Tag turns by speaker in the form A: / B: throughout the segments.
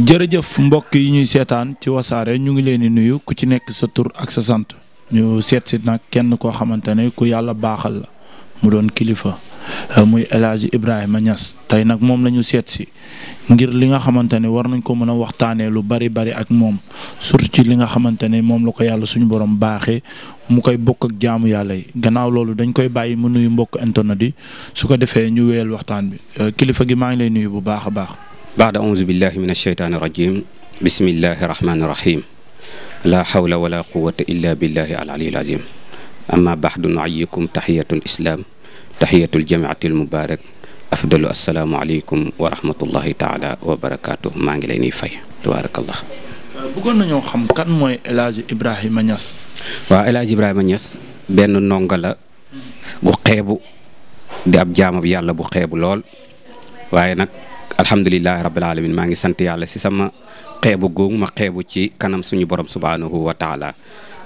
A: jërëjëf mbokk yi ñuy seetaan ci wasaare ñu ngi leen di nuyu ku ci nekk sa tur ak sa sant ñu seet si nag kenn koo xamante ne ku yàlla baaxal la mu doon kilifa euh, muy El Hadj Ibrahima ñas tey nag moom lañu ñu seet si ngir li nga xamante ne war nañ ko mën a waxtaanee lu bari bari ak moom surtout ci li nga xamante ne moom la ko yàlla suñu borom baaxee mu koy bokk ak jaamu yàlla yi gannaaw loolu dañ koy bàyyi mu nuyu mbokk internet yi su ko defee ñu wéyal waxtaan bi euh, kilifa gi maa ngi lay nuyu bu baax a baax.
B: baada auzu billahi min alsheytaani irajim bismillahi irahmani irahim laa hawla wala quwata illa billahi al aliyul azim amma baxdu nuayikum taxiyatul islaam taxiyatul jamiati al mubaarak afdalu assalaamu aleykum wa rahmatullahi taala wa barakaatu maa ngi lay nuy fay tabaarakallah
A: bëggoon nañoo xam kan mooy El Hadj Ibrahima Niass
B: waaw El Hadj Ibrahima Niass benn ndongo la bu xeebu di ab jaamab yàlla bu xeebu lool waaye nag alhamdulilahi rabbil alamin maa ngi sant yàlla si sama xeebu googu ma xeebu ci kanam suñu borom subhaanahu wa yàlla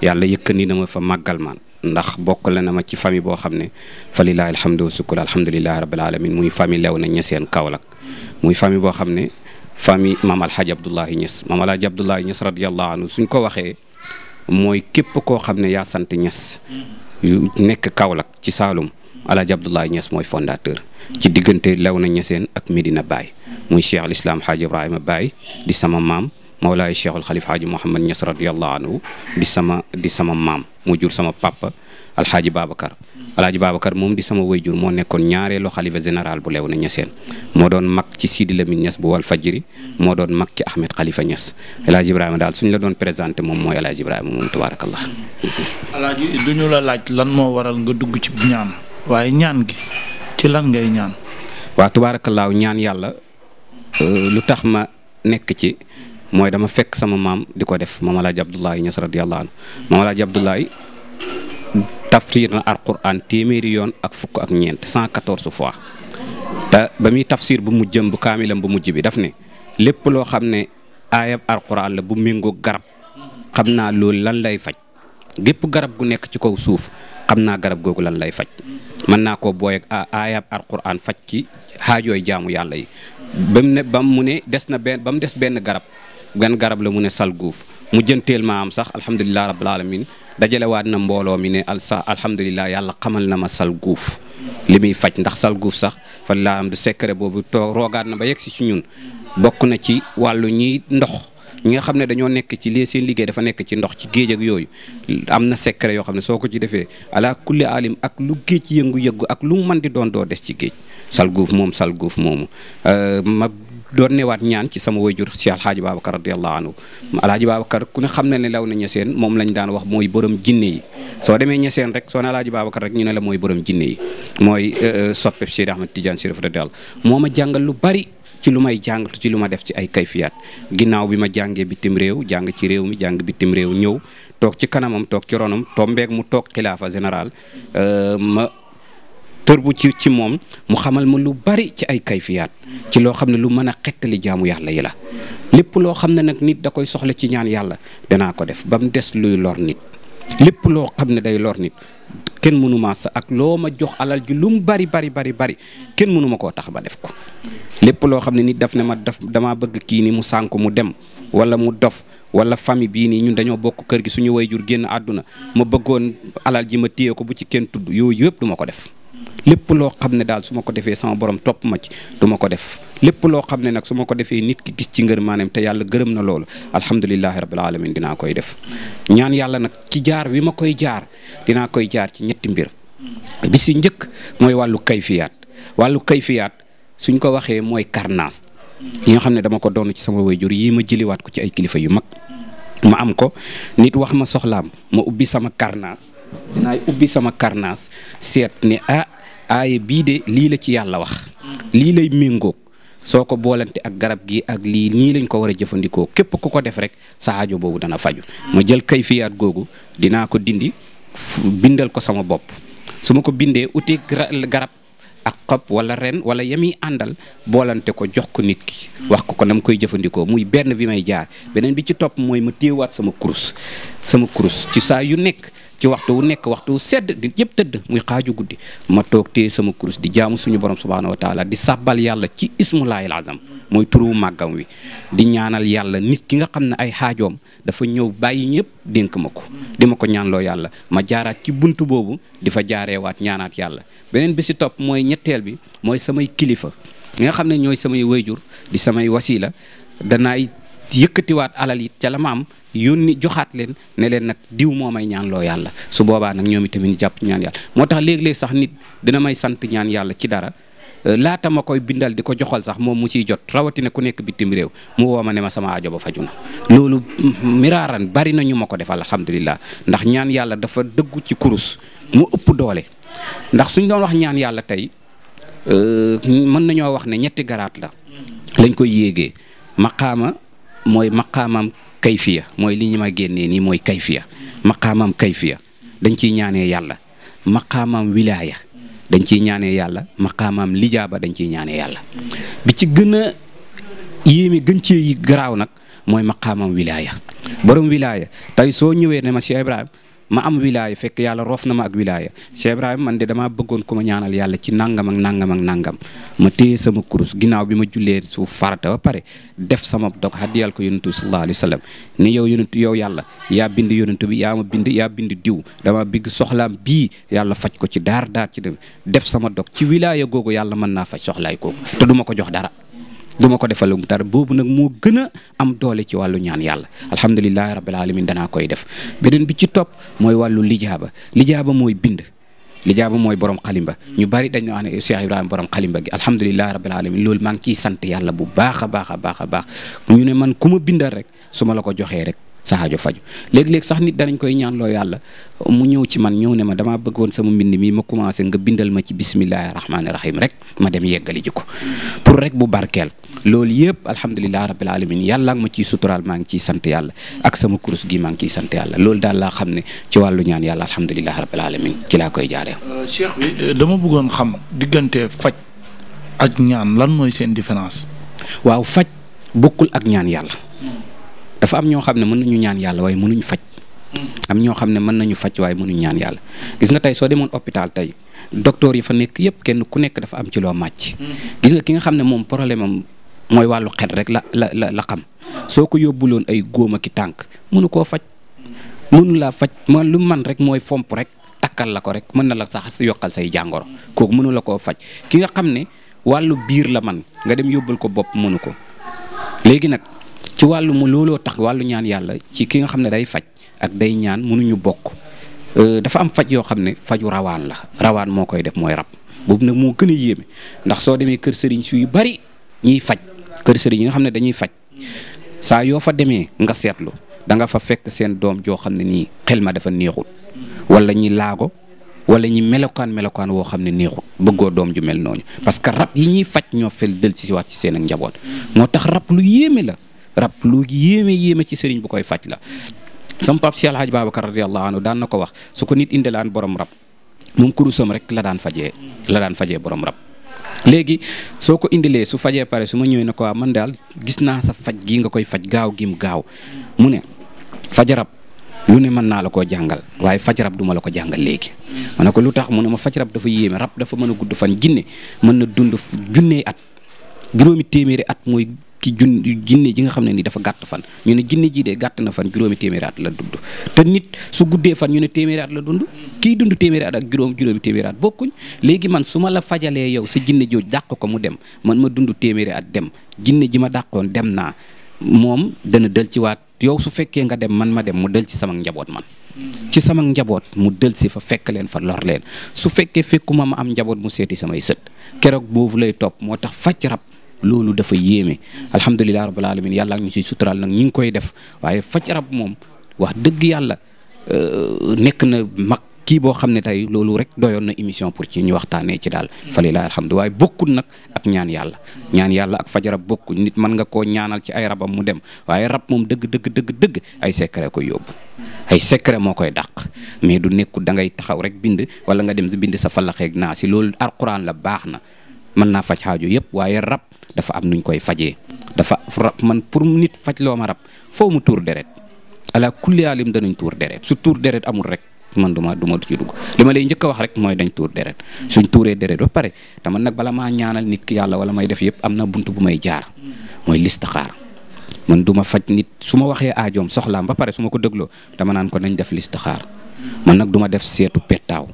B: yàlla nii na ma fa màggal ma ndax bokk la na ma ci famille boo xam ne fa lilahi alhamdu sukkur alhamdulilahi rabbil alamin muy famille lew na ñeseen boo xam ne famille maam alhaji abdoulahi ñes maam alhaji abdoulahi ñes radiallahu anhu suñ ko waxee mooy képp koo xam ne yaa sant ñes nekk Kaolack ci Saalum Alaaji Abdoulaye Niass mooy fondateur ci diggante Léona Niassène ak Medina Baye muy cheikh al islam Hadj Ibrahima Baye di sama maam moo Mawlaay cheikhul xalif Hadj Mouhamad Niass radiyallahu anhu di sama di sama maam moo jur sama papa Alhaji baabakar Alhaji baabakar moom di sama jur moo nekkoon ñaareelu xalifa général bu Léona Niassène moo doon mag ci Sidi Lamine Niass bu wal fajiri moo doon mag ci Ahmed xalifa Niass Alhaji Ibrahima daal suñ la doon présenté moom mooy Alhaji Ibrahima moom tabaarakallah.
A: Alhaji duñu la laaj lan moo waral nga dugg ci waaye ñaan gi ci lan
B: ngay ñaan. waa tubaarakallaaw ñaan yàlla euh, lu tax ma nekk ci mooy dama fekk sama maam di ko def moom maam Alaaji Abdoulaye Ñas radiyallaahu anhu maam Alaaji Abdoulaye tafsir na alquran téeméeri yoon ak fukk ak ñeent 114 fois te ba muy tafsir bu mujjëm bu kaamilam bu mujj bi daf ne lépp loo xam ne aayab alquran la bu méngoo garab xam naa loolu lan lay faj gépp garab gu nekk ci kaw suuf xam naa garab googu lan lay faj man naa ko booy ak aayab alquran faj ci xaajooy jaamu yàlla yi ba mu ne ba mu ne des na benn ba mu des benn garab gan garab la mu ne sal guuf mujjanteel ma am sax alhamdulilah rabbil alamin dajalewaat na mbooloo mi ne al sax alhamdulilah yàlla xamal na ma sal guuf li muy faj ndax sal guuf sax fa laa am du secret boobu toog roogaat na ba yegg si ci ñun bokk na ci wàllu ñiy ndox. ñi nga xam ne dañoo nekk ci lii seen liggéey dafa nekk ci ndox ci géej ak yooyu am na secret yoo xam ne soo ko ci defee ala kulli alim ak lu géej ci yëngu-yëngu ak lu mu mën di doon doo des ci géej salguuf moom salguuf moomu euh, ma doon newaat ñaan ci sama wayjur si alxaaji babacar radiallahu anhu alxaaji babacar ku ne xam ne ne law na ñeseen moom lañ daan wax mooy borom jinne yi soo demee ñeseen rek soo ne alxaaji babacar rek ñu ne la mooy borom jinne yi mooy euh, euh, soppeb Cheikh Ahmed Tidiane de radiallahu moo ma jàngal lu bari ci lu may jàngatu ci lu ma def ci ay kayfiyaat ginnaaw bi ma jàngee bitim réew jàng ci réew mi jàng bitim réew ñëw toog ci kanamam toog ci ronam mbeeg mu toog xilaafa général euh, ma tër bu ci ci moom mu xamal ma lu bari ci ay kayfiyaat ci loo xam ne lu mën a xettali jaamu yàlla yi la lépp loo xam ne nag nit da koy soxla ci ñaan yàlla danaa ko def ba mu des luy lor nit lépp loo xam ne day lor nit kenn mënu ma sa ak loo ma jox alal ji lu mu bari bari bari bari kenn mënuma ma koo tax ba def ko lépp loo xam ne nit daf ne ma daf damaa bëgg kii nii mu sànku mu dem wala mu dof wala famille bii nii ñun dañoo bokk kër gi suñu jur génn àdduna ma bëggoon alal ji ma téye ko bu ci kenn tudd yooyu yëpp duma ko def lépp loo xam ne daal su ma ko defee sama boroom topp ma ci duma ko def lépp loo xam ne nag su ma ko defee nit ki gis ci ngër maanaam te yàlla gërëm na loolu alhamdulilahi rabbil alamin dinaa koy def ñaan yàlla nag ci jaar wi ma koy jaar dinaa koy jaar ci ñetti mbir bi si njëkk mooy wàllu kayfiyaat wàllu kayfiyaat suñ ko waxee mooy karnaas yi nga xam ne dama ko donn ci sama wayjur yi ma jëliwaat ko ci ay kilifa yu mag ma am ko nit wax ma soxlaam ubbi sama karnaas dinaay ubbi sama karnaas seet ni ah bii de lii la ci yàlla wax lii lay méngoog soo ko boolantee ak garab gi ak lii nii lañ ko war a jëfandikoo képp ku ko def rek sa aajo boobu dana faju ma jël kay kayfiyaat googu dinaa ko dindi bindal ko sama bopp su ma ko bindee uti garab ak xob wala ren wala yami àndal boolante ko jox ko nit ki wax ko ko nam koy jëfandikoo muy benn bi may jaar beneen bi ci topp mooy ma téewaat sama kurus sama kurus ci saa yu nekk ci waxtu wu nekk waxtu wu sedd di yëpp tëdd muy xaaju guddi ma toog téye sama kurus di jaamu suñu borom subhaanahu wa taala di sàbbal yàlla ci laay azam mooy turu màggam wi di ñaanal yàlla nit ki nga xam ne ay xaajoom dafa ñëw bàyyi ñëpp dénk ma ko di ma ko ñaanloo yàlla ma jaaraat ci bunt boobu di fa jaareewaat ñaanaat yàlla beneen bi si topp mooy ñetteel bi mooy samay kilifa nga xam ne ñooy samay wayjur di samay wasiila danaay yëkkatiwaat alal it yónni joxaat leen ne leen nag diw moo may ñaan loo yàlla su boobaa nag ñoom tamit ñu jàpp ñaan yàlla moo tax léeg-léeg sax nit dina may sant ñaan yàlla ci dara euh, laata ma koy bindal di ko joxal sax moom mu ciy jot rawatina ku nekk bitim réew mu woo ma ne ma sama aajo ba faju na loolu miraaran bari na ñu ma ko defal alhamdulilah ndax ñaan yàlla dafa dëggu ci kurus mu ëpp doole ndax suñ doon wax ñaan yàlla tey euh, mën nañoo wax ne ñetti garaat la lañ koy yéegee kayfiya mooy li ñu ma génnee nii mooy kayfiya maqaamam kayfiya dañ ciy ñaanee yàlla maqaamam wilaaya dañ ciy ñaanee yàlla maqaamam lijaaba dañ ciy ñaanee yàlla bi ci gën a yéeme gën cee garaaw nag mooy maqaamam wilaaya borom wilaaya tey soo ñëwee ne ma Cheikh Ibrahima ma am wilaaya fekk yàlla roof na ma ak wilaaya Cheikh man de dama bëggoon ku ma ñaanal yàlla ci nangam ak nangam ma téye sama kurus ginnaaw bi ma julee suuf farata ba pare def sama dog haddiyal ko yonentu sallallahu alayhi wa sallam ni yow yonentu yow yàlla yaa bind yonentu bi yaa ma bind yaa bind diw damaa bigg soxlaam bii yàlla faj ko ci daar daar ci dem def sama dog ci wilaaya googu yàlla mën naa faj soxlaay googu te duma ko jox dara du ma ko defalum dara boobu nag moo gën a am doole ci wàllu ñaan yàlla alhamdulilahi rabbil alamin danaa koy def beneen bi ci topp mooy wàllu lijaaba lijaaba mooy bind lijaaba mooy borom xalimba ñu bari dañ na wax ne Cheikh Ibrahima borom xalimba gi alhamdulilahi rabbil alamin loolu maa ngi ciy sant yàlla bu baax a baax a baax a baax ñu ne man ku ma bindal rek su ma la ko joxee rek sa aajo faju léeg-léeg sax nit danañ koy ñaan loo yàlla mu ñëw ci man ñëw ne ma damaa bëggoon sama mbind mii ma commencé nga bindal ma ci bisimillahi rahmaani rahim rek ma dem yeggali ji ko pour rek bu barkeel loolu yëpp alhamdulilah rabbil alamin yàlla ma ciy suturaal maa ngi ciy sant yàlla ak sama kurus gi maa ngi ciy sant yàlla daal laa xam ne ci wàllu ñaan yàlla alhamdulilah rabbil alamin ci laa koy jaaree.
A: Euh, cheikh bi euh, dama bëggoon xam diggante faj
B: ak ñaan lan mooy seen différence. waaw faj bokkul ak ñaan yàlla. Hmm. dafa am ñoo xam ne mën nañu ñaan yàlla waaye mënuñu faj.
C: Mm.
B: am ñoo xam ne mën nañu faj waaye mënuñu ñaan yàlla gis nga tey soo demoon hôpital tey docteur yi fa nekk yëpp kenn ku nekk dafa am ci loo màcc. Mm. gis nga ki nga xam ne moom problème am mooy wàllu xet rek la la la la xam soo ko yóbbuloon ay góom ki tànk koo faj. mënu laa faj ma lu man rek mooy fomp rek takkal la ko rek mën na la sax yokkal say jàngoro kook mënu la koo faj ki nga xam ne wàllu biir la man nga dem yóbbul ko bopp mënu ko léegi nag ci wàllu mu looloo tax wàllu ñaan yàlla ci ki nga xam ne day faj ak day ñaan mënuñu bokk euh, dafa am faj yoo xam ne faju rawaan la rawaan moo koy def mooy rab boobu nag moo gën yéeme ndax soo demee kër sëriñ su yu bari ñuy faj kër sëriñ yi nga xam ne dañuy faj saa yoo fa demee nga seetlu da nga fa fekk seen doom joo xam ne nii xel ma dafa neexul wala ñi laago wala ñi melokaan melokaan woo xam ne neexul bëggoo doom ju mel noonu parce que yi ñuy faj ñoo fel dël ci wax ci seen ak njaboot moo tax rab lu yéeme la rab lu yéeme yéeme ci sëriñ bu koy faj la sam pap si alhaaj babacar radiallahu anhu daan na ko wax su ko nit indilaan borom rab moom kurusam rek la daan fajee la daan fajee borom rab léegi soo ko indilee su fajee pare su ma ñëwee na ko waa ah, man daal gis naa sa faj gii nga koy faj gaaw gi mu gaaw mu ne fajarab lu ne mën naa la koo jàngal waaye fajarab duma la ko jàngal léegi ma ne ko lu tax mu ne ma fajarab dafa yéeme rab dafa mën a gudd fan jinne mën na dund ki jun jinne ji nga xam ne ni dafa gàtt fan ñu ne jinne ji de gàtt na fan juróomi téeméeri at la dund te nit su guddee fan ñu ne téeméeri at la dund kii dund téeméeri at ak juróom juróomi téeméeri at bokkuñ léegi man su ma la fajalee yow sa jinne jooj dàq ko mu dem man ma dund téeméeri at dem jinne ji ma dàqoon dem naa moom dana dël ci waat yow su fekkee nga dem man ma dem mu dël ci sama njaboot man ci sama njaboot mu dël si fa fekk leen fa lor leen su fekkee fekkuma ma am njaboot mu seeti samay sët loolu dafa yéeme alhamdulilah rabbil alamin yàlla ak ñu ci suturaal nag ñi ngi koy def waaye faj rab moom wax dëgg yàlla euh, nekk na mag kii boo xam ne tey loolu rek doyoon na émission pour ci ñu waxtaanee ci daal mm. falilahi alhamdu waaye bokkul nag ak ñaan yàlla ñaan yàlla ak faj rab bokkul nit mën nga koo ñaanal ci ay rabam mu dem waaye rab moom dëgg dëgg dëgg dëgg ay secret ko yóbbu ay secret moo koy dàq mais du nekku da ngay taxaw rek bind wala nga dem si bind sa falaxeeg naa si loolu alquran la baax na mën naa faj xaajo yëpp waaye rab dafa am nuñ koy fajee dafa rab man pour nit faj loo ma rab foo mu tuur deret ala kulli alim danañ tuur deret su tuur deret amul rek man du ma du ma ci dugg ma lay njëkk wax rek mooy dañ tuur deret suñ tuuree deret ba pare te man nag bala maa ñaanal nit yàlla wala may def yépp am na bunt bu may jaar mooy xaar man du ma faj nit su ma waxee aajoom soxlaam ba pare su ma ko dégloo dama naan ko nañ def listixaar man nag du ma def seetu pettaaw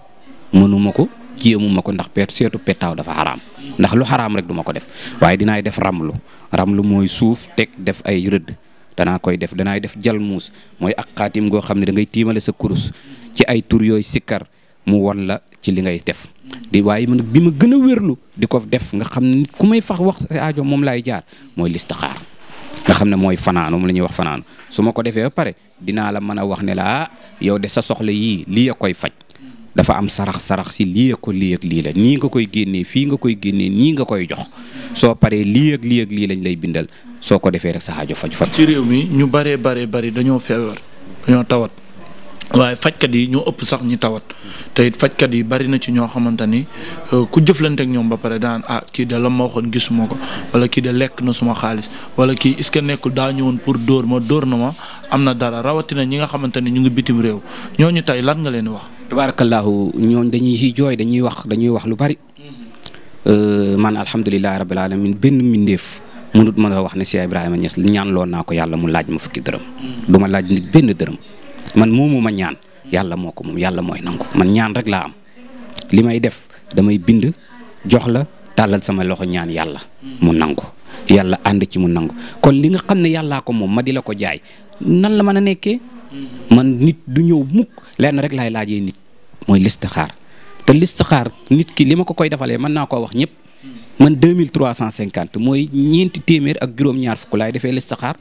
B: mënuma ko jéemuma ko ndax pet seetu petaaw dafa xaraam ndax lu xaraam rek duma ko def waaye dinaay def ramlu ramlu mooy suuf teg def ay rëdd danaa koy def danaay def jalmuus mooy ak xaatim goo xam ne da tiimale sa kurus ci ay tur yooyu sikkar mu won la ci li ngay def di waaye bi ma gën a wérlu di ko def nga xam ne ku may fax wax sa moom laay jaar mooy listixaar nga xam ne mooy fanaanu moom la ñuy wax fanaanu su ma ko defee ba pare dinaa la mën a wax ne la ah yow de sa soxla yii lii a koy faj dafa am sarax-sarax si lii ak ko lii ak lii la nii nga koy génnee fii nga koy génnee nii nga koy jox soo paree lii ak lii lii lañ lay bindal soo ko defee rek sa aajo faj fa ci réew mi ñu baree baree bari dañoo feebar dañoo tawat waaye fajkat yi ñoo ëpp
A: sax ñu tawat te it fajkat yi bari na ci ñoo xamante ni euh, ku jëflanteek ñoom ba pare daan ah kii de la ma waxoon gisuma ko wala kii de lekk na suma xaalis wala kii est nekkul daa ñëwoon pour dóor ma dóor na ma am na dara rawatina ñi nga xamante ni ñu ngi bitim réew ñooñu tey lan nga leen
B: wax. tubaarakallaahu ñooñ dañuy siy jooy dañuy wax dañuy wax lu bari. Euh, man alhamdulilah rabbil alamin benn mbindeef mënut mën a wax ne Cheikh Ibrahima Niass ñaan loon naa ko yàlla mu laaj ma fukki dërëm. Mm. du laaj nit benn dërëm. man moomu ma ñaan. yàlla moo ko moom yàlla mooy nangu man ñaan rek laa li may def damay bind jox la tàllal sama loxo ñaan yàlla. mu mm. nangu yàlla ànd ci mu nangu kon li xam ne yàllaa ko moom ma di la ko jaay nan la mën a nekkee. Mm. man nit du ñëw mukk lenn rek laay laajee nit. mooy listixaar te listixaar nit ki li ma ko koy defalee mën naa koo wax ñëpp man 2350 mooy ñeenti téeméer ak juróom-ñaar fukk laay defee listixaar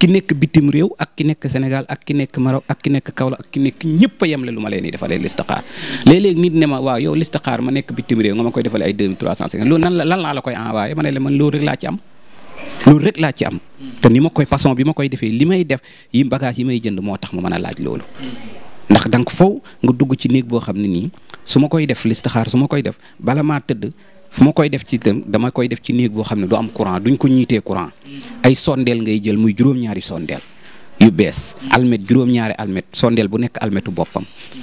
B: ki nekk bitim réew ak ki nekk Sénégal ak ki nekk Maroc ak ki nekk Kaolack ak ki nekk ñëpp a yemle lu ma leen di defalee listixaar léeg-léeg nit ne ma waaw yow listixaar ma nekk bitim réew nga ma koy defalee ay 2350 loolu nan la lan laa la koy envoyé ma ne la man loolu rek laa ci am loolu rek laa ci am te ni ma koy façon bi ma koy defee li may def yi bagage yi may jënd moo tax ma mën a laaj loolu ndax danga faw nga dugg ci néeg boo xam ne nii su ma koy def listixaar su ma koy def bala maa tëdd fu ma koy def ci itam dama koy def ci néeg boo xam ne du am courant duñ ko ñiitee courant ay sondeel ngay jël muy juróom-ñaari sondeel yu bees almet juróom-ñaari almet sondeel bu nekk almetu boppam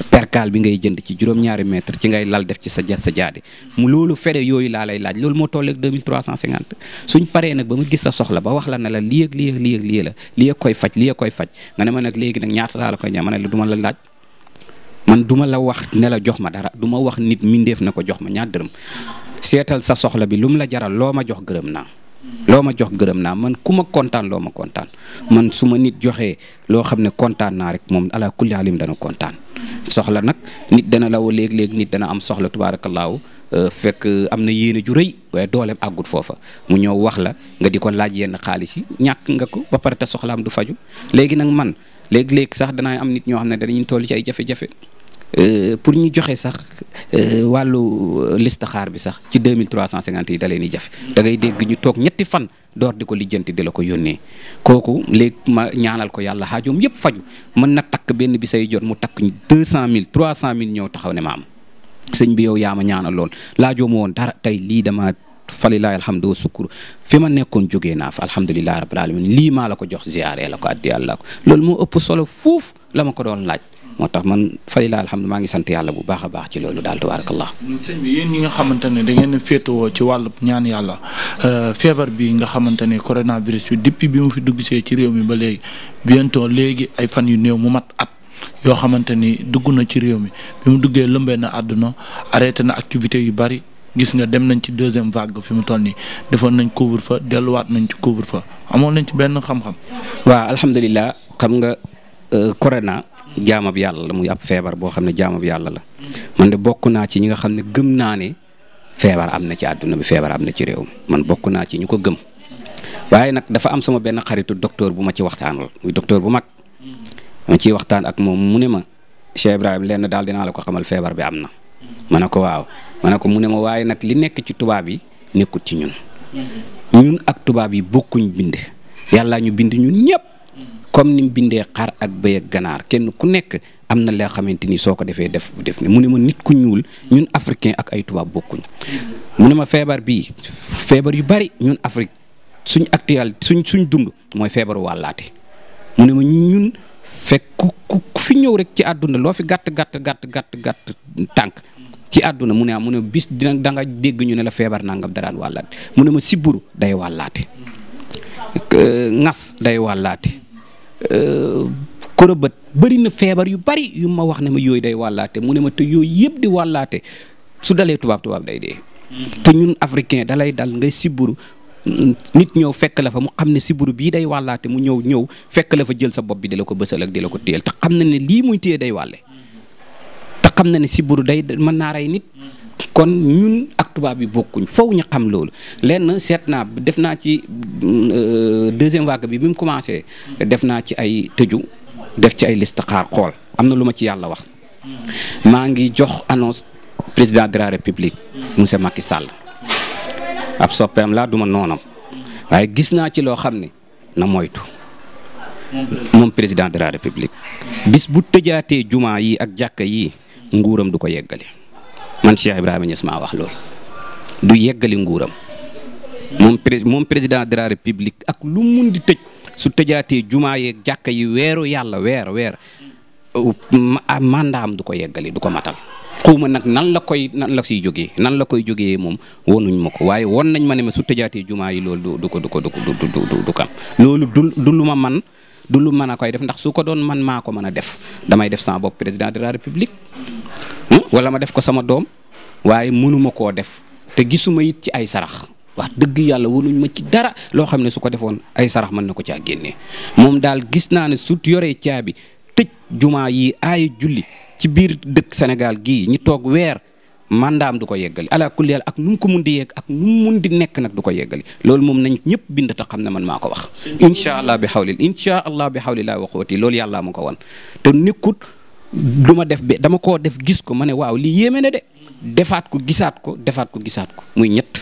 B: perkaal bi ngay jënd ci juróom-ñaari mètre ci ngay lal def ci sa ja sa jaade mu loolu fere yooyu laa lay laaj loolu moo tolleeg 2350 suñ paree nag ba ma gis sa soxla ba wax la ne la lii la lii ak koy faj lii ak koy ñaata laa la ma ne la la laaj man duma la wax ne la jox ma dara du ma wax nit mindeef na ko jox ma ñaar dërëm seetal sa soxla bi lu mu la jaral loo ma jox gërëm naa loo ma jox gërëm naa man ku ma kontaan loo ma kontaan man su ma nit joxee loo xam ne kontaan naa rek moom ala kulli alim dana kontaan soxla nag nit dana law léeg-léeg nit dana am soxla tubaarakallaahu euh, fekk am na yéene ju rëy waaye dooleem àggut foofa mu ñëw wax la nga di ko laaj yenn xaalis yi ñàkk nga ko ba pare te soxlaam du faju léegi sax danaa am nit ñoo xam ne danañu toll ci ay Euh, pour ñu joxe sax euh, wàllu euh, xaar bi sax ci 2350 yi da di jafe da ngay dégg ñu toog ñetti fan door di ko lijjanti di la ko yónnee kooku léegi ma ñaanal ko yàlla xaajoom yëpp faju man na takk benn bi say jot mu takk 200000 300000 ñëw taxaw ne maam sëñ bi yow yaa ma ñaanal lool laajoo ma woon dara tey lii dama falilahi alhamdu wa sukkur fi ma nekkoon jógee naa fa alhamdulilahi rabbil alamin lii maa la ko jox ziyaare la ko addi yàlla ko loolu moo ëpp solo fuuf la ma ko doon laaj moo tax man falilaa alhamdu maa ngi sant yàlla bu baax a baax ci loolu daal tabaarakallah.
A: sëñ bi yéen ñi nga xamante ne da ngeen a féetewoo ci wàllu ñaan yàlla euh, feebar bi nga xamante ne coronavirus bi depuis bi mu fi dugg see ci réew mi ba léegi bientôt léegi ay fan yu néew mu mat at. yoo xamante ni dugg na ci réew mi bi mu duggee lëmbee na àdduna arrêté na activité yu bari gis nga dem nañ ci deuxième vague fi mu toll nii defoon nañ couvre fa delluwaat nañ ci couvre fa amoon nañ ci benn xam-xam.
B: waaw alhamdulilah xam nga euh, corona jaamab yàlla la muy ab feebar boo xam ne jaamab yàlla la man de bokk naa ci ñi nga xam ne gëm naa ne feebar am na ci àdduna bi feebar am na ci réew mi man bokk naa ci ñu ko gëm waaye nag dafa am sama benn xaritu docteur bu ma ci waxtaanal muy docteur bu mag ma ciy waxtaan ak moom mu ne ma Cheikh lenn daal dinaa la ko xamal feebar bi am na ma ne ko waaw ma ne ko mu ne ma waaye nag li nekk ci tubaab yi nekkut ci ñun
C: mm-hmm.
B: ñun ak tubaab yi bokkuñ bind yàlla ñu bind ñun ñëpp comme ni mu bindee xar ak bëy ganaar kenn ku nekk am na loo xamante ni soo ko defee def def ne mu ne ma nit ku ñuul ñun africain ak ay tubaab bokkuñ mu ne ma feebar bi feebar yu bari ñun Afrique suñ actuel suñ suñ dund mooy feebaru wàllaate mu ne ma ñun fekk fi ñëw rek ci àdduna loo fi gàtt gàtt gàtt gàtt gàtt tànk ci àdduna mu ne ah, mu ne bis dina da dégg ñu ne la feebar nangam da daan wàllaate mu ne ma siburu day wàllaate nas day wàllaate Euh, korobët bëri na feebar yu bari yu ma wax ne ma yooyu day wàllaate mu ne ma te yooyu yëpp di wàllaate su dalee tubaab tubaab day dee. Mm-hmm. te ñun africain dalay dal ngay siburu nit ñëw fekk la fa mu xam ne siburu bii day wàllaate mu ñëw ñëw fekk la fa jël sa bopp bi di la ko bësal ak di la ko téyel te xam na ne lii muy téye day wàlle mm-hmm. te xam na ne siburu day mën naa nit mm-hmm. kon ñun tubaab yi bokkuñ faw ñu xam loolu lenn seet naa def naa ci euh, deuxième vague bi bi mu commencé def naa ci ay tëju def ci ay listixaar xool am na lu ma ci yàlla wax maa ngi jox annonce président de la république monsieur Macky sàll ab soppeem laa duma noonam waaye gis naa ci loo xam ne na moytu moom président de la république bis bu tëjaatee jumaa yi ak jàkka yi nguuram du ko yeggale man Cheikh Ibrahima Niass maa wax loolu du yeggali nguuram moom prés moom président de la république ak lu mun di tëj su tëjaatee jumaa yeeg jàkka yi weeru yàlla weer weer euh, ah, mandaam du ko yeggali du ko matal. xawma nag nan la koy nan la siy jógee nan la koy jógee moom wonuñ ma ko waaye won nañ ma ne ma su tëjaatee jumaa yi loolu du ko du ko du du kam loolu du du lu ma man du lu mën a koy def ndax su ko doon man maa ko mën a def damay def sama bopp président de la république hmm? wala ma def ko sama doom waaye mënuma koo def. te gisuma it ci ay sarax wax dëgg yàlla wanuñ ma ci dara loo xam ne su ko defoon ay sarax man na ko caa génnee moom daal gis naa ne su yoree caabi tëj jumaa yi aaya julli ci biir dëkk Sénégal gii ñi toog weer man daam du ko yeggali ala kulli yàlla ak nu mu ko mun di yegg ak mu mun di nekk nag du ko yeggali loolu moom nañ ñëpp bind te xam ne man maa ko wax. incha allah bi xawli incha allah bi xawli laa waxooti loolu yàllaa ma ko wan te nekkut du def be dama koo def gis ko ma defaat ko gisaat ko defaat ko gisaat ko muy ñett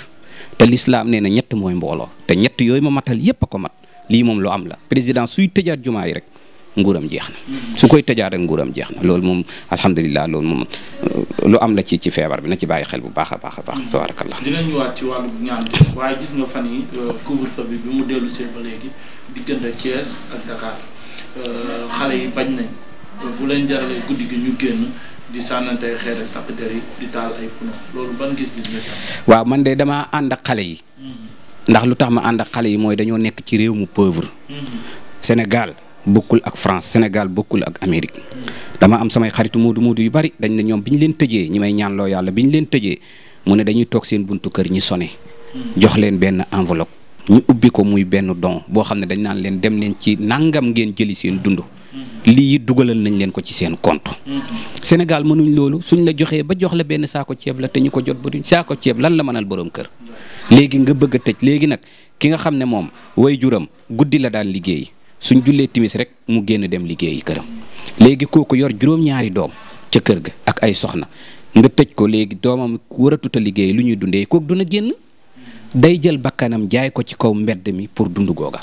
B: te lislaam nee na ñett mooy mbooloo te ñett yooyu ma matal yépp a ko mat lii moom lu am la président suy tëjaat jumaa yi rek nguuram jeex na su koy tëjaat rek nguuram jeex na loolu moom alhamdulilah lool moom euh, lu am la ci ci feebar bi na ci bàyyi xel bu baax a baax a baax mm-hmm. tabarakallah
A: dina ñëwaat ci wàllu ñaan waaye gis nga fan euh, euh, yi couvre bu leen jaralee guddi gi ñu génn di
B: waaw man de damaa ànd ak xale yi.
C: Mm-hmm.
B: ndax lu tax ma ànd xale yi mooy dañoo nekk ci réew mu pauvre. Mm-hmm. Sénégal bokkul ak France Sénégal bokkul ak Amérique. Mm-hmm. dama am samay xaritu muudu muudu yu bari dañ ne ñoom bi ñu leen tëjee ñi may ñaan loo yàlla bi ñu leen tëjee mu ne dañuy toog seen buntu kër ñi sone jox leen benn enveloppe. ñu ubbi ko muy benn don boo xam ne dañ naan leen dem leen ci nangam ngeen jëli seen dund. lii dugalal nañ leen ko ci seen compte. senegaal mënuñ loolu suñ la joxee ba jox la benn saako ceeb la te ñu ko jot ba duñ saako ceeb lan la mënal boroom kër. léegi nga bëgg a tëj léegi nag ki nga xam ne moom way juram guddi la daan liggéey suñ jullee timis rek mu génn dem liggéeyi këram léegi kooku yor juróom-ñaari doom ca kër ga ak ay soxna nga tëj ko léegi doomam war a liggéey lu ñuy dundee kooku duna génn day jël bakkanam jaay ko ci kaw mbedd mi pour dund googa.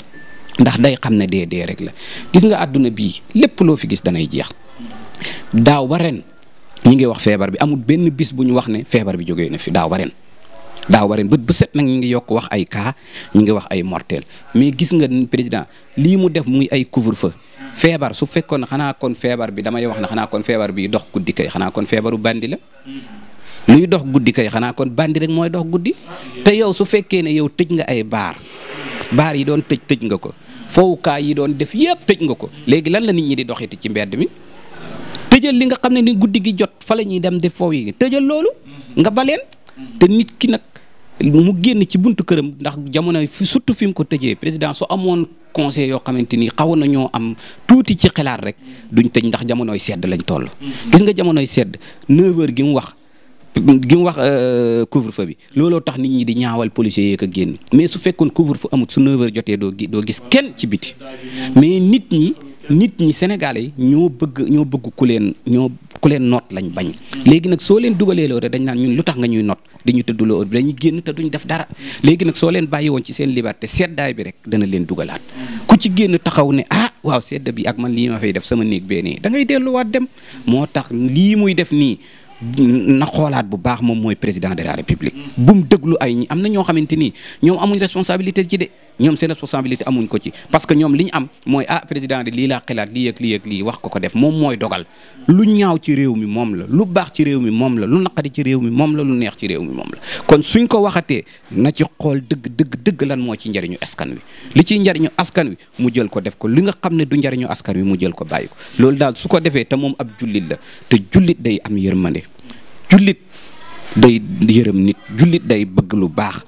B: ndax day xam ne dee dee rek la gis nga àdduna bii lépp loo fi gis danay jeex daaw ba ren ñi ngi wax feebar bi amut benn bis bu ñu wax ne feebar bi jógee na fi daaw ba daaw ba ren bët set nag ñi ngi yokk wax ay kaa ñi ngi wax ay mortel mais gis nga président li mu def muy ay couvre-feu feebar su fekkoon xanaa kon feebar bi damay wax ne xanaa kon feebar bi dox guddi kay xanaa kon feebaru bandi la luy dox guddi kay xanaa kon bandi rek mooy dox guddi te yow su fekkee ne yow tëj nga ay baar baar yi doon tëj tëj nga ko fowukaay yi doon def yëpp tëj nga ko léegi lan la nit ñi di doxiti ci mbedd mi tëjal li nga xam ne ni guddi gi jot fa la ñuy dem def foofu yi tëjal loolu nga baleen te nit ki nag mu génn ci buntu këram ndax jamono surtout fi mu ko tëjee président su amoon conseil yoo xamante ni xawoon na ñoo am tuuti ci xalaat rek duñ tëj ndax jamonoy sedd lañ toll. Mm-hmm. gis nga jamonoy sedd 9 gi mu wax gi mu wax euh, couvre-feu bi looloo tax nit ñi di ñaawal policiers yeeg a génn mais su fekkoon couvre-feu amut su 9h jotee doo gis kenn ci biti mais nit ñi nit ñi Sénégalais yi ñoo bëgg ñoo bëgg ku leen ñoo ku leen noot lañ bañ léegi nag soo leen dugalee loolu rek dañ naan ñun lu tax nga ñuy noot di ñu tëdd loolu dañuy génn te duñ def dara léegi nag soo leen bàyyi woon ci seen libaat te seddaay bi rek dana leen dugalaat ku ci génn taxaw ne ah waaw sedda bi ak man lii ma fay def sama néeg bee nii na xoolaat bu baax moom mooy président de la république. bu mu déglu ay ñi am na ñoo xamante ni ñoom amuñ responsabilité ci de. ñoom seen responsabilité amuñ ko ci parce que ñoom li ñu am mooy ah président de lii laa xalaat lii ak lii ak wax ko ko def moom mooy dogal lu ñaaw ci réew mi moom la lu baax ci réew mi moom la lu naqari ci réew mi moom la lu neex ci réew mi moom kon suñ ko waxatee na ci xool dëgg dëgg dëgg lan moo ci njariñu askan wi li ci njariñu askan wi mu jël ko def ko li nga xam ne du njariñu askan wi mu jël ko bàyyi ko loolu daal su ko defee te moom ab jullit la te jullit day am yërmande jullit day yërëm nit jullit day bëgg lu baax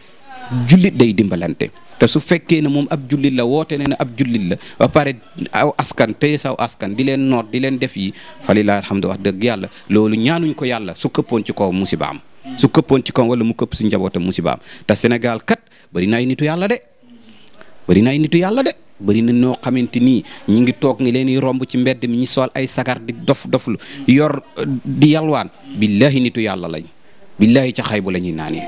B: jullit day dimbalante te su fekkee ne moom ab jullit la woote ne ne ab jullit la ba pare aw askan téye saw askan di leen noot di leen def yi falilaa alhamdu wax dëgg yàlla loolu ñaanuñ ko yàlla su këppoon ci kaw musiba am su këppoon ci kaw wala mu këpp su njabootam musiba am te Sénégal kat bari na ay nitu yàlla de bari nay ay nitu yàlla de bari na ñoo xamante ni ñi ngi toog ngi leen di romb ci mbedd mi ñi sol ay sagar di dof doflu yor di yalwaan billaahi nitu yàlla lañ billaahi ca xay bu la ñuy naanee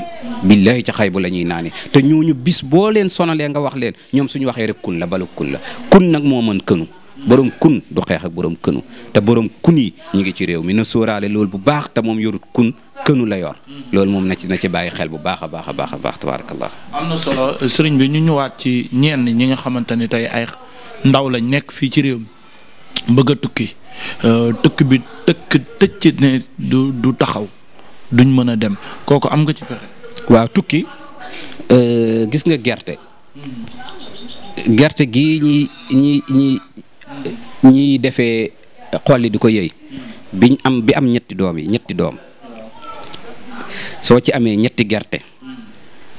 B: billaahi ca xay bu la ñuy naanee te ñooñu bis boo leen sonalee nga wax leen ñoom suñu waxee rek kun la balu kun la kun nag moo mën kënu boroom kun du xeex ak borom kënu te boroom kun yi ñu ngi ci réew mi na sóoraale loolu bu baax te moom yorut kun kënu la yor loolu moom na ci na ci bàyyi xel bu baax a baax a a baax tabaarakallah
A: am bi ñu ñëwaat ci ñenn ñi nga xamante ni tey ay ndaw lañ nekk fii ci réew mi a tukki euh, tukki bi tëkk tëcc ne
B: du du taxaw duñ mën a dem kooku am nga ci pexe. waaw tukki euh, gis nga gerte. gerte gi ñi ñi ñi ñiy defee xolli di ko yëy biñ am bi am ñetti doom yi ñetti doom soo ci amee ñetti gerte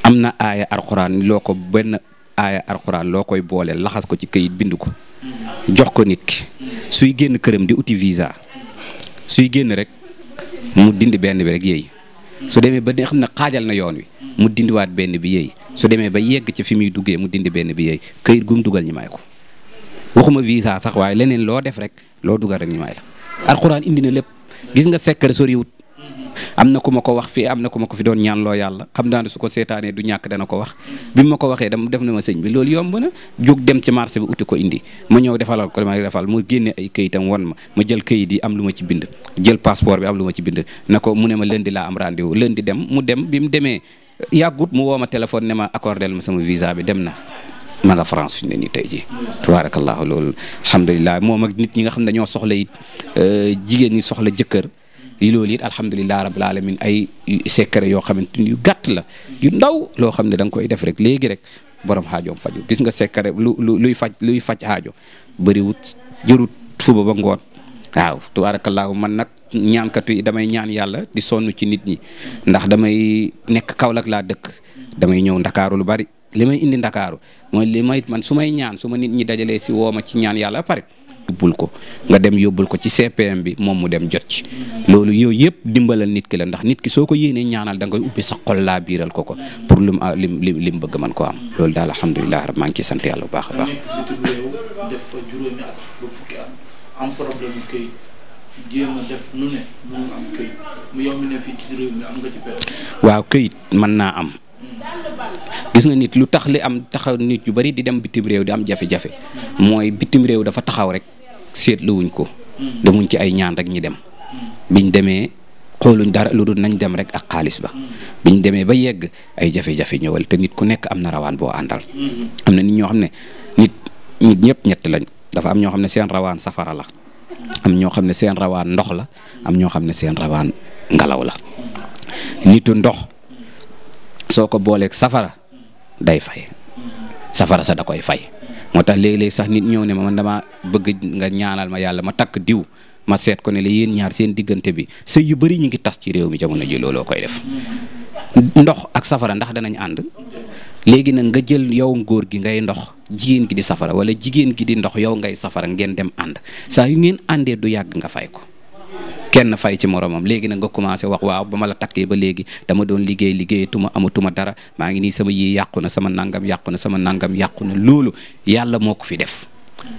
B: am na aaya alxuraan loo ko benn aaya alxuraan loo koy boole laxas ko ci kayit bind ko jox ko nit ki suy génn këram di uti visa suy génn rek. mu dindi benn bi rek yéey su demee ba nga xam ne xaajal na yoon wi mu dindiwaat benn bi yéey su demee ba yegg ci fi muy duggee mu dindi benn bi yéey këyit gu mu dugal ñi may ko waxuma visa sax waaye leneen loo def rek loo dugal rek ñi may la alxuraan indi na lépp gis nga secret soriwut am na ku ma ko wax fii am na ku ma ko fi doon ñaan loo yàlla xam naa ne su ko seetaanee du ñàkk dana ko wax bi ma ko waxee dama def na ma sëñ bi loolu yomb na jóg dem ci marché bi uti ko indi ma ñëw defalal ko dama defal mu génne ay këyitam wan ma ma jël këyit yi am lu ma ci bind jël passeport bi am lu ma ci bind na ko mu ne ma lundi laa am rendez-vous lundi dem mu dem bi mu demee yàggut mu woo ma téléphone ne ma accordel ma sama visa bi dem na ma nga France fi ñu ne nii tey jii tabaarakallahu loolu alhamdulilah moom ak nit ñi nga xam ne ñoo soxla it euh, jigéen ñi soxla jëkkër loolu it alhamdulilah rabbil alamin ay secret yoo xamante ni yu gàtt la yu ndaw loo xam ne danga koy def rek léegi rek borom xaajoom faju gis nga secret lu luy faj luy faj xaajo bëriwut jërut fuba ba ngoon waaw tubaarakallaahu man nag ñaankatu yi damay ñaan yàlla di sonn ci nit ñi ndax damay nekk kawlak laa dëkk damay ñëw ndakaaru lu bari li may indi ndakaaru mooy li may man su may ñaan suma nit ñi dajalee si woo ma ci ñaan yàlla pare yóbbul ko nga dem yóbbul ko ci CPM bi moom mu dem jot ci loolu yooyu yëpp dimbalal nit ki la ndax nit ki soo ko yéenee ñaanal da ngay ubbi sa xol laa biiral ko ko pour lim ah, lim lim lim bëgg man ko am loolu daal alhamdulilah maa ngi ciy sant yàlla bu baax waaw këyit mën naa am. gis nga nit lu tax li am taxaw nit yu bari di dem bitim réew di am jafe-jafe mooy bitim réew dafa taxaw rek seetluwuñ ko. demuñ ci ay ñaan rek ñi dem. biñ demee xooluñ dara lu dul nañ dem rek ak xaalis ba. biñ demee ba yegg ay jafe-jafe ñëwal te nit ku nekk am na rawaan boo àndal. am na nit ñoo xam ne nit nit ñëpp ñett lañ dafa am ñoo xam ne seen rawaan safara la. am ñoo xam ne seen rawaan ndox la am ñoo xam ne seen rawaan ngelaw la nitu ndox soo ko booleek safara day fay safara sa da koy fay. moo tax léeg-léeg sax nit ñëw ne ma man damaa bëgg nga ñaanal ma yàlla ma takk diw ma seet ko ne la yéen ñaar seen diggante bi sëy yu bëri ñu ngi tas ci réew mi jamono ji looloo koy def ndox ak safara ndax danañ ànd léegi nag nga jël yow ngóor gi ngay ndox jigéen gi di safara wala jigéen gi di ndox yow ngay safara ngeen dem ànd saa yu ngeen àndee du yàgg nga fay ko kenn fay ci moromam léegi nag nga commencé wax waaw ba ma la takkee ba léegi dama doon liggéey liggéeyatuma amatuma dara maa ngi nii sama yii yàqu na sama nangam yàqu na sama nangam yàqu na loolu yàlla moo ko fi def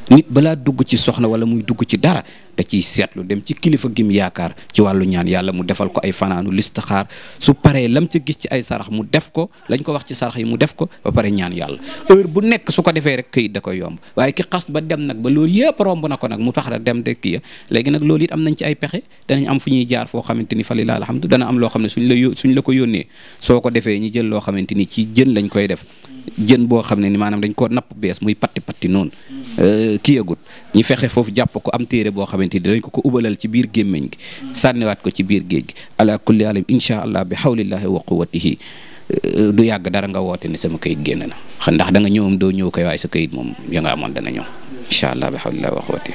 B: nit balaa dugg ci soxna wala muy dugg ci dara da ciy seetlu dem ci kilifa gim yaakaar ci wàllu ñaan yàlla mu defal ko ay fanaanu listixaar su paree lam ca gis ci ay sarax mu def ko lañ ko wax ci sarax yi mu def ko ba pare ñaan yàlla heure bu nekk su ko defee rek këyit da koy yomb waaye xas ba dem nag ba loolu yëpp romb na ko nag mu tax da dem de kii léegi nag loolu am nañ ci ay pexe danañ am fu ñuy jaar foo xamante ni fa lillahi alhamdu dana am loo xam ne suñ la suñ la ko yónnee soo ko defee ñi jël loo xamante ni ci jën lañ koy def jën boo xam ne ni maanaam dañ koo napp bees muy patti patti noonu euh, kii agut ñu fexe foofu jàpp ko am téere boo xamante ni dinañ ko ko ubalal ci biir gémmiñ gi sànniwaat ko ci biir géej gi ala kulli alam incha allah bi hawlillahi wa quwwatihi Euh, du yàgg dara nga woote ne sama kayit génn na xam ndax danga nga doo ñëw koy waaye sa kayit moom ya nga amoon dana ñëw incha allah bi xawlillah wa xuwati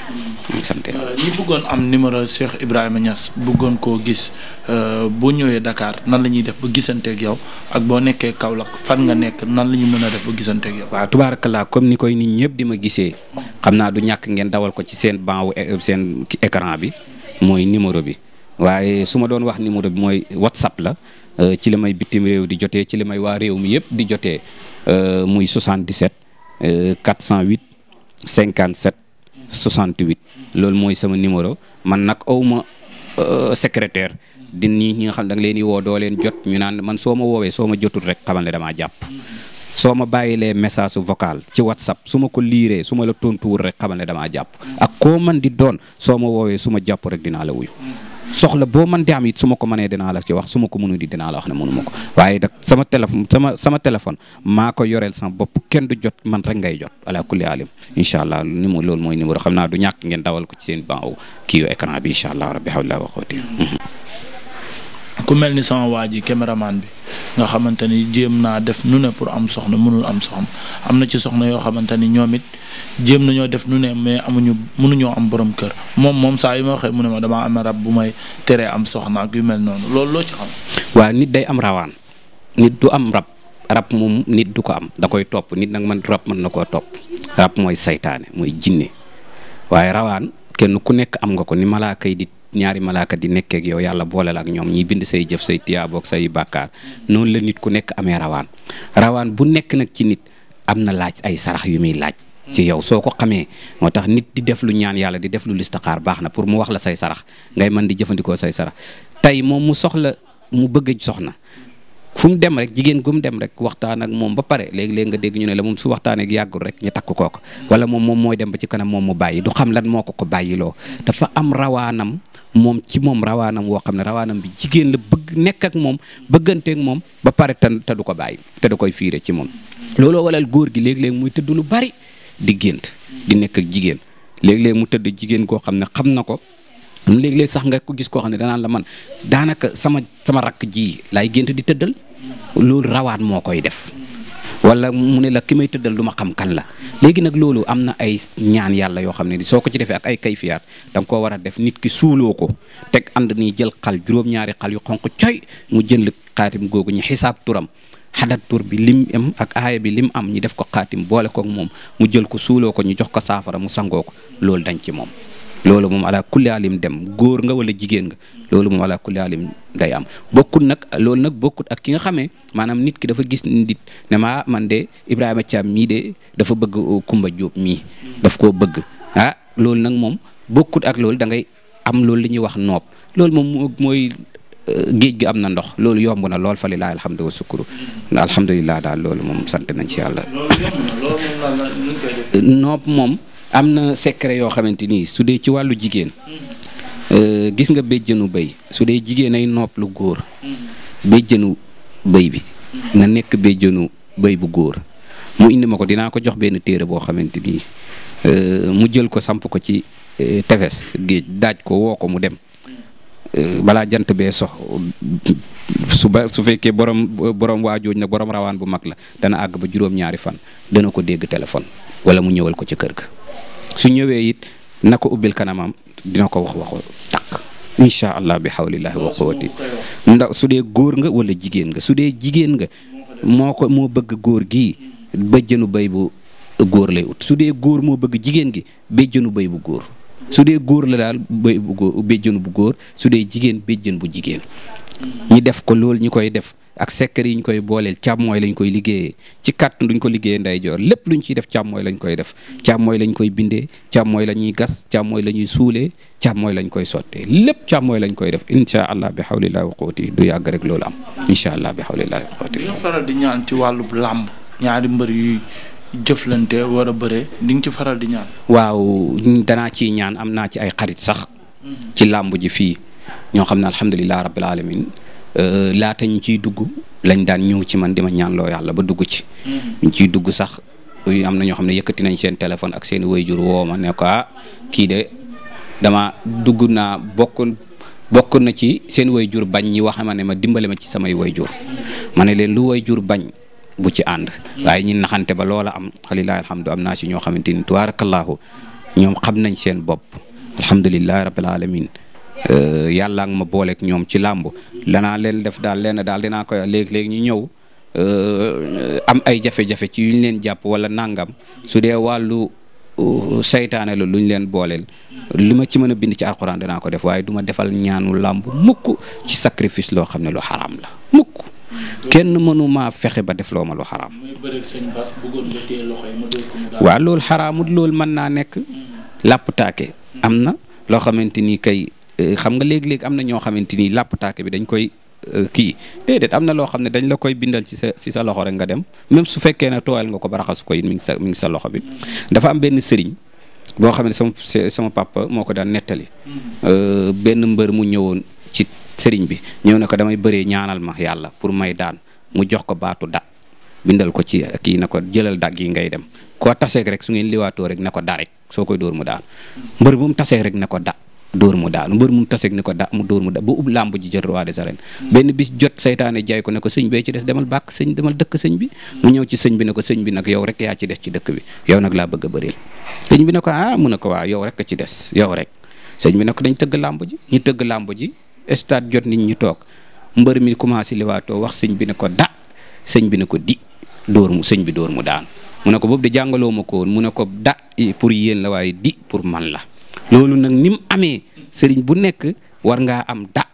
B: sant ñi
A: bëggoon am numéro Cheikh Ibrahima Niass bëggoon koo gis euh, boo ñëwee Dakar nan la ñuy def ba gisanteeg yow ak boo nekkee Kaolack fan nga nekk
B: nan la ñu mën a def ba gisanteeg yow. waaw tubaarakalaa comme ni koy nit ñëpp di ma gisee xam naa du ñàkk ngeen dawal ko ci seen banc euh, seen écran bi mooy numéro bi waaye su ma doon wax numéro bi mooy WhatsApp la. Euh, ci la may bitim réew di jotee ci la may waa réew mi yëpp di jotee euh, muy euh, cent 77 408 57 68 loolu mooy sama numéro man nag awma secrétaire di ñi ñi nga xam da nga leen di woo doo leen jot ñu naan man soo ma woowee soo ma jotul rek xamal ne damaa jàpp soo ma bàyyilee message vocal ci whatsapp su ma ko liiree su ma la tontuwul rek xamal ne damaa jàpp ak ko man di doon soo ma woowee su jàpp rek dinaa la wuyu soxla boo mën di am it su ma ko manee dinaa la ci wax su ma ko mënu di dinaa la wax ne mënu ma ko waaye nag sama téléphone sama sama téléphone maa ko yoreel sama bopp kenn du jot man rek ngay jot ala kulli alim incha allah ni mu loolu mooy numéro xam na du ñàkk ngeen dawal ko ci seen ban kii yu écran bi incha allah rabbi hawla wa quwwata
A: ku mel ni sama waa ji caméraman bi nga xamante ni jéem naa def nu ne pour am soxna mënul am soxna am na ci soxna yoo xamante ni ñoom it jéem nañoo def nu ne mais amuñu mënuñoo am boroom kër moom moom saa yi ma waxee mu ne ma dama am rab bu may teree am soxna ak
B: yu mel noonu loolu loo ci nit day am rawaan nit du am rab rab moom nit du ko am da koy topp nit nag man rab mën na koo topp rab mooy saytaane mooy jinne waaye rawaan kenn ku nekk am nga ko ni malaaka yi di ñaari malaaka di nekkee ak yow yàlla booleel ak ñoom ñiy bind say jëf say tiyaaboog say bàkkaar noonu la nit ku nekk amee rawaan rawaan bu nekk nag ci nit am na laaj ay sarax yu muy laaj ci yow soo ko xamee moo tax nit di def lu ñaan yàlla di def lu listixaar baax na pour mu wax la say sarax ngay mën di jëfandikoo say sarax tey moom mu soxla mu bëgg soxna fu mu dem rek jigéen gu mu dem rek waxtaan ak moom ba pare léegi-léegi nga dégg ñu ne la moom su waxtaaneek ak yàggul rek ñu takk kooku wala moom moom mooy dem ba ci kanam moom mu bàyyi du xam lan moo ko ko bàyyiloo dafa am rawaanam moom ci moom rawaanam woo xam ne rawaanam bi jigéen la bëgg nekk ak moom bëgganteek moom ba pare te te du ko bàyyi te da koy fiire ci moom looloo walal góor gi léegi-léegi muy tëdd lu bari di gént di nekk ak jigéen léegi-léegi mu tëdd jigéen koo xam ne xam na ko léeg-léeg sax nga ko gis koo xam ne danaan la man daanaka sama sama rakk ji laay gént di tëddal loolu rawaat moo koy def wala mu ne la ki may tëddal du ma xam kan la léegi nag loolu am na ay ñaan yàlla yoo xam ne di soo ko ci defee ak ay kayfiyaat da nga koo war a def nit ki suuloo ko teg ànd nii jël xal juróom-ñaari xal yu xonq coy mu jënd xaatim googu ñu xisaab turam xadat tur bi lim am ak aaya bi lim am ñu def ko xaatim boole koog moom mu jël ko suuloo ko ñu jox ko saafara mu sangoo ko loolu dañ ci moom. loolu moom ala kulli alim dem góor nga wala jigéen nga loolu moom ala kulli alim day am bokkut nag loolu nag bokkut ak ki nga xamee maanaam nit ki dafa gis nit ne maa man de Ibrahima Thiam mii de dafa bëgg uh, Kumba Diop mii daf koo bëgg ah loolu nag moom bokkut ak loolu da ngay am loolu li ñuy wax noob loolu moom mooy uh, géej gi am na ndox loolu yomb na lool fa lilaay alhamdu wa sukuru alhamdulilah daal loolu moom sant nañ ci yàlla noob moom am na secret yoo xamante ni su dee ci wàllu jigéen euh, gis nga béjjënu bay su dee jigéen ay nopp lu góor béjjënu béy bi na nekk béjjënu bay bu góor mu indi ma ko dinaa ko jox benn téere boo xamante ni euh, mu jël ko samp ko ci euh, tefes géej daaj ko woo ko mu dem balaa jant bee sox su ba su fekkee borom borom waajooj na borom rawaan bu mag la dana àgg ba juróom-ñaari fan dana ko dégg téléphone wala mu ñëwal ko ci kër ga. su ñëwee it na ko ubbil kanamam dina ko wax waxu takk incha allah bi xawlillahi wa quwwati ndax su dee góor nga wala jigéen nga su dee jigéen nga moo ko moo bëgg góor gii bëjjënu bay bu góor lay ut su dee góor moo bëgg jigéen gi bëjjënu bay bu góor su dee góor la daal bay bu góor bëjjënu bu góor su dee jigéen bëjjën bu jigéen ñi def ko loolu ñi koy def ak secret yi ñu koy booleel càmmooy lañ koy liggéeyee ci kàttan duñ ko liggéeyee ndeyjoor lépp luñ ciy def càmmooy lañ koy def càmmooy lañ koy bindee càmmooy la ñuy gas càmmooy la ñuy suulee càmmooy lañ koy sottee lépp càmmooy lañ koy def incha allah bi xawlillahi wa quwwati du yàgg rek loolu am incha allah bi xawlillahi wa
A: quwwati ci wàllu làmb ñaari mbër yuy jëflante war a bëree ci faral di
B: waaw danaa ci ñaan am naa ci ay xarit sax. ci làmb ji fii. ñoo xam ne alhamdulilah rabbil alamin euh, laata ñu ciy dugg lañ daan ñëw ci man di ma ñaanloo yàlla ba dugg ci. Mm-hmm. ñu ciy dugg sax am na ñoo xam ne yëkkati nañ seen téléphone ak seen wayjur woo ma ne ko ah kii de dama dugg naa bokk bokk na ci seen wayjur bañ ñi wax ma ne ma dimbale ma ci samay wayjur ma ne leen lu wayjur bañ. bu ci ànd mm-hmm. waaye ñi naxante ba loola am xalilahi alhamdu am naa si ñoo xamante ni tubaarakallahu ñoom xam nañ seen bopp alhamdulilahi rabbil alamin Euh, yàllaa ak ma booleek ñoom ci làmb lanaa leen def daal lenn daal dinaa koy léegi léegi ñu ñëw euh, am ay jafe-jafe ci yu ñu leen jàpp wala nangam su dee wàllu euh, saytaane la lu ñu leen booleel li ma ci mën a bind ci alxuraan dinaa ko def waaye duma defal ñaanu làmb mukk ci sacrifice loo xam ne lu xaraam la mukk kenn mënumaa fexe ba def loo ma lu xaraam. waaw loolu xaraamut loolu mën naa nekk. làpp am na loo xamante kay. Eh, xam nga léegi léeg am na ñoo xamante ni làpp taake bi dañ koy eh, kii déedéet am na loo xam ne dañ la koy bindal ci sa ci sa loxo rek nga dem même su fekkee ne tooyal nga ko ba raxasu mi ngi sa mi ngi sa loxo bi dafa am benn sëriñ boo xam ne sama sama papa moo ko daan nettali eh, benn mbër mu ñëwoon ci sëriñ bi ñëw na ko damay bëree ñaanal ma yàlla pour may daan mu jox ko baatu da bindal ko ci kii na ko jëlal dagg yi ngay dem koo taseeg rek su ngeen rek na ko da soo koy dóor mu daan mbër bu mu taseeg rek na ko da dóor mu daanu mbër mu taseeg ni ko da mu dóor mu da ba ub làmb ji jot roi des arènes benn bis jot saytaane jaay ko ne ko sëñ bee ci des demal baak sëñ demal dëkk sëñ bi mu ñëw ci sëñ bi ne ko sëñ bi nag yow rek yaa ci des ci dëkk bi yow nag laa bëgg a bëreel sëñ bi ne ko ah mu ne ko waaw yow rek a ci des yow rek sëñ bi ne ko dañ tëgg làmb ji ñu tëgg làmb ji stade jot nit ñi toog mbër mi commencé liwaatoo wax sëñ bi ne ko da sëñ bi ne ko di dóor mu sëñ bi dóor mu daanu mu ne ko boobu de jàngaloo ma ko woon mu ne ko da pour yéen la waaye di pour man la loolu nag ni mu amee sëriñ bu nekk war ngaa am da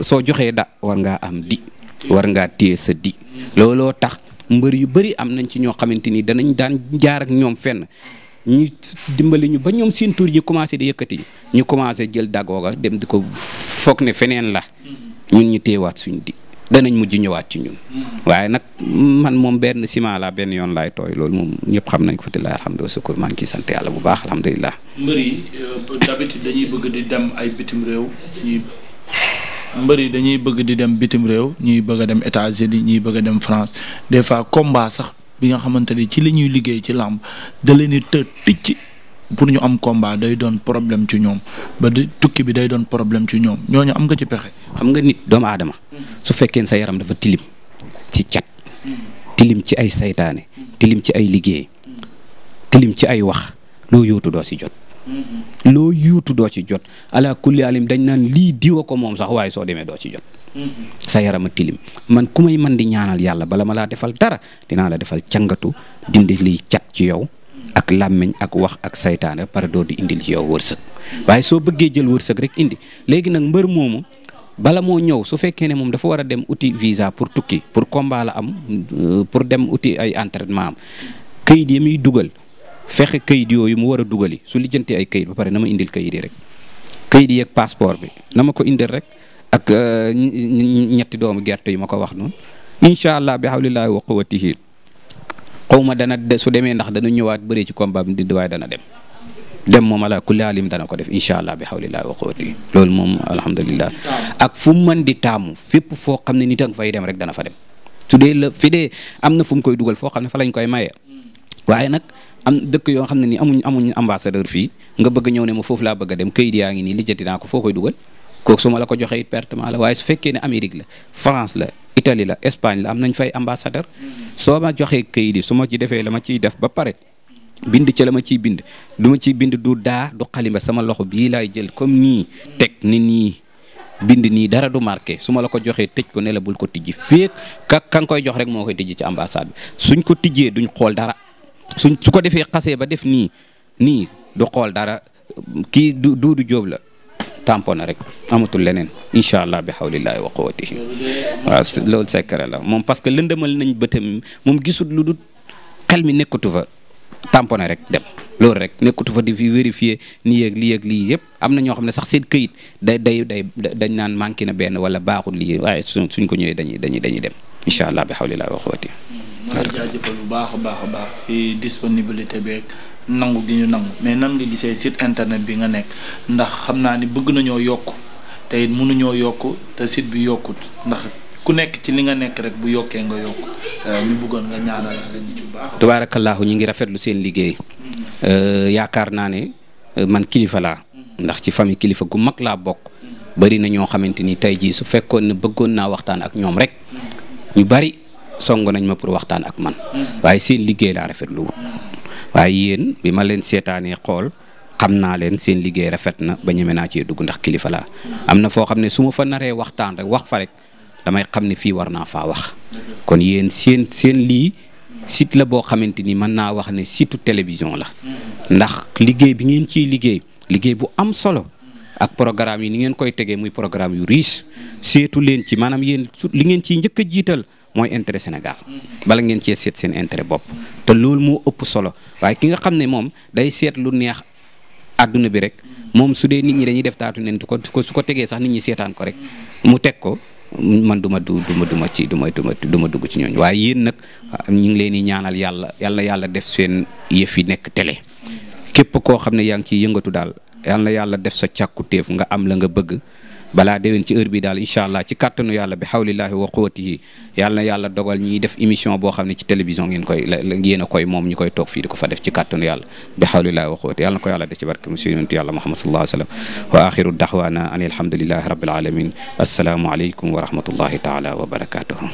B: soo joxee da war ngaa am di war ngaa téye sa di looloo tax mbër yu bëri am nañ ci ñoo xamante ni danañ daan jaarak ñoom fenn ñu dimbali ñu ba ñoom seen tur yi commencé di yëkkati ñu commencé jël dagooga dem di ko foog ne feneen la ñun ñu téewaat suñ di danañ mujj ñëwaat ci ñun. Hmm. waaye nag man moom benn ciment laa benn yoon laay tooy loolu moom ñëpp xam nañ ko fa tillaahi alhamdulilah sukkur maa sant yàlla bu baax alhamdulilah.
A: mbër yi euh, d'habitude dañuy bëgg di dem ay bitim réew ñuy mbër yi dañuy bëgg di dem bitim réew ñuy bëgg dem États-Unis ñuy bëgg a dem France des fois combat sax bi nga xamante ni ci li ñuy liggéey ci làmb da leen ticc pour ñu am combat
B: day doon problème ci ñoom ba di tukki bi day doon problème ci ñoom ñooñu am nga ci pexe. xam nga nit doom aadama su fekkee sa yaram dafa tilim ci cat tilim ci ay saytaane tilim ci ay liggéey tilim ci ay wax loo yóotu doo ci jot. loo yuutu doo ci jot alaa kulli alim dañ naan lii diwa ko moom sax waaye soo demee doo ci jot. sa yaram a tilim man ku may man di ñaanal yàlla bala ma laa defal dara dinaa la defal cangatu dindi liy cat ci yow ak làmmiñ ak wax ak saytaane pare doo di indil ci yow wërsëg waaye soo bëggee jël wërsëg rek indi léegi nag mbër moomu bala moo ñëw su fekkee ne moom dafa war a dem uti visa pour tukki pour combat am euh, pour dem uti ay entraînement am kayit yi muy dugal fexe kayit yooyu mu war a dugali su lijjante ay kayit ba pare na ma indil kayit yi rek kayit yi ak passeport bi na ma ko indil rek ak euh, ñetti doomu gerte yu ma ko wax noonu incha allah bi hawlillahi xaw ma dana su demee ndax dana ñëwaat bëri ci combat bi didd waaye dana dem dem moom ala kulli alim dana ko def incha allah bi hawlillahi wa quwwati loolu moom alhamdulilah ak fu mu mën di taamu fépp foo xam ne nit a nga fay dem rek dana fa dem su dee la am na fu mu koy dugal foo xam ne fa lañ koy maye waaye nag am dëkk yoo xam ne nii amuñ amuñ ambassadeur fii nga bëgg ñëw ne ma foofu laa bëgg dem kayit yaa ngi nii lijjati naa ko foo koy dugal kooku su ma la ko joxee it pertement la waaye su fekkee ne Amérique la France la Italie la Espagne la am nañ fay ambassadeur soo ma joxee kayit yi su ma ci defee la ma ciy def ba pare bind ca la ma ciy bind du ciy bind du daa du xalimba sama loxo bii laay jël comme nii teg ni nii bind nii dara du marqué su ma la ko joxee tëj ko ne la bul ko tijji féeg ka ka nga koy jox rek moo koy tijji ci ambassade bi suñ ko tijjee duñ xool dara suñ su ko defee xasee ba def nii nii du xool dara kii du duudu jóob la tamponné rek amatul leneen incha allah bi hawlillahi wa quwwatihi waaw loolu secret la moom parce que lëndëmal nañ bëtam moom gisul lu dul xel mi nekkatu fa tamponné rek dem loolu rek nekkatu fa di fi vérifier ni ak li ak lii yëpp am na ñoo xam ne sax seet këyit day day day dañ naan manqué na benn wala baaxul lii waaye suñ suñ ko ñëwee dañuy dañuy dañuy dem incha allah bi hawlillahi wa quwwatihi.
C: jaajëfal
A: bu baax nangu gi ñu nangu mais nan nga gisee sit internet bi nga nekk ndax xam naa ni bëgg nañoo yokk te mënuñoo yokk te sit bi yokkut ndax ku nekk ci li nga nekk rek bu yokkee nga yokk euh, ñu bëggoon nga ñaanal
B: lañu ñu ngi rafetlu seen liggéey. Mm-hmm. Euh, yaakaar naa ne euh, man kilifa laa. Mm-hmm. ndax ci famille kilifa gu mag laa bokk. Mm-hmm. bari na ñoo xamante ni tey jii su fekkoon ne bëggoon naa waxtaan ak ñoom rek. ñu bari songo nañ ma pour waxtaan ak man. waaye seen liggéey laa rafetlu. waaye yéen bi ma leen seetaanee xool xam naa leen seen liggéey rafet na ba ñeme naa cee dugg ndax kilifa la am na foo xam ne su ma fa naree waxtaan rek wax fa rek damay xam ne fii war naa faa wax kon yéen seen seen lii sit la boo xamante ni mën naa wax ne situ télévision la ndax liggéey bi ngeen ciy liggéey liggéey bu am solo ak programme yi ni ngeen koy tegee muy programme yu riche seetu leen ci maanaam yéen li ngeen ci njëkk a jiital mooy intérêt Sénégal bala ngeen cee seet seen intérêt bopp te loolu moo ëpp solo waaye ki nga xam ne moom day seet lu neex àdduna bi rek moom su dee nit ñi dañuy def taatu neen su ko su ko tegee sax nit ñi seetaan ko rek mu teg ko man du ma du duma duma ci du ma duma du ma dugg ci ñooñu waaye yéen nag ñu ngi leen di ñaanal yàlla yàlla yàlla def seen yëf yi nekk télé képp koo xam ne yaa ngi ciy yëngatu daal yàlla yàlla def sa càkkutéef nga am la nga bëgg balaa dewin ci heure bi daal incha allah ci kattanu yàlla bi xawlillaahi wa quwwatihi yàlla na yàlla dogal ñuy def émission boo xam ne ci télévision ngeen koy ngeen a koy moom koy toog fii di ko fa def ci kàttanu yàlla bi xawlillaahi wa quwwatihi yàlla na ko yàlla def ci barke monsieur yonentu yàlla muhammad sallallahu alayhi wa sallam wa axiru daxwaana an alhamdulillahi rabbil alamin assalaamu aleykum wa rahmatullahi taala wa barakatuhu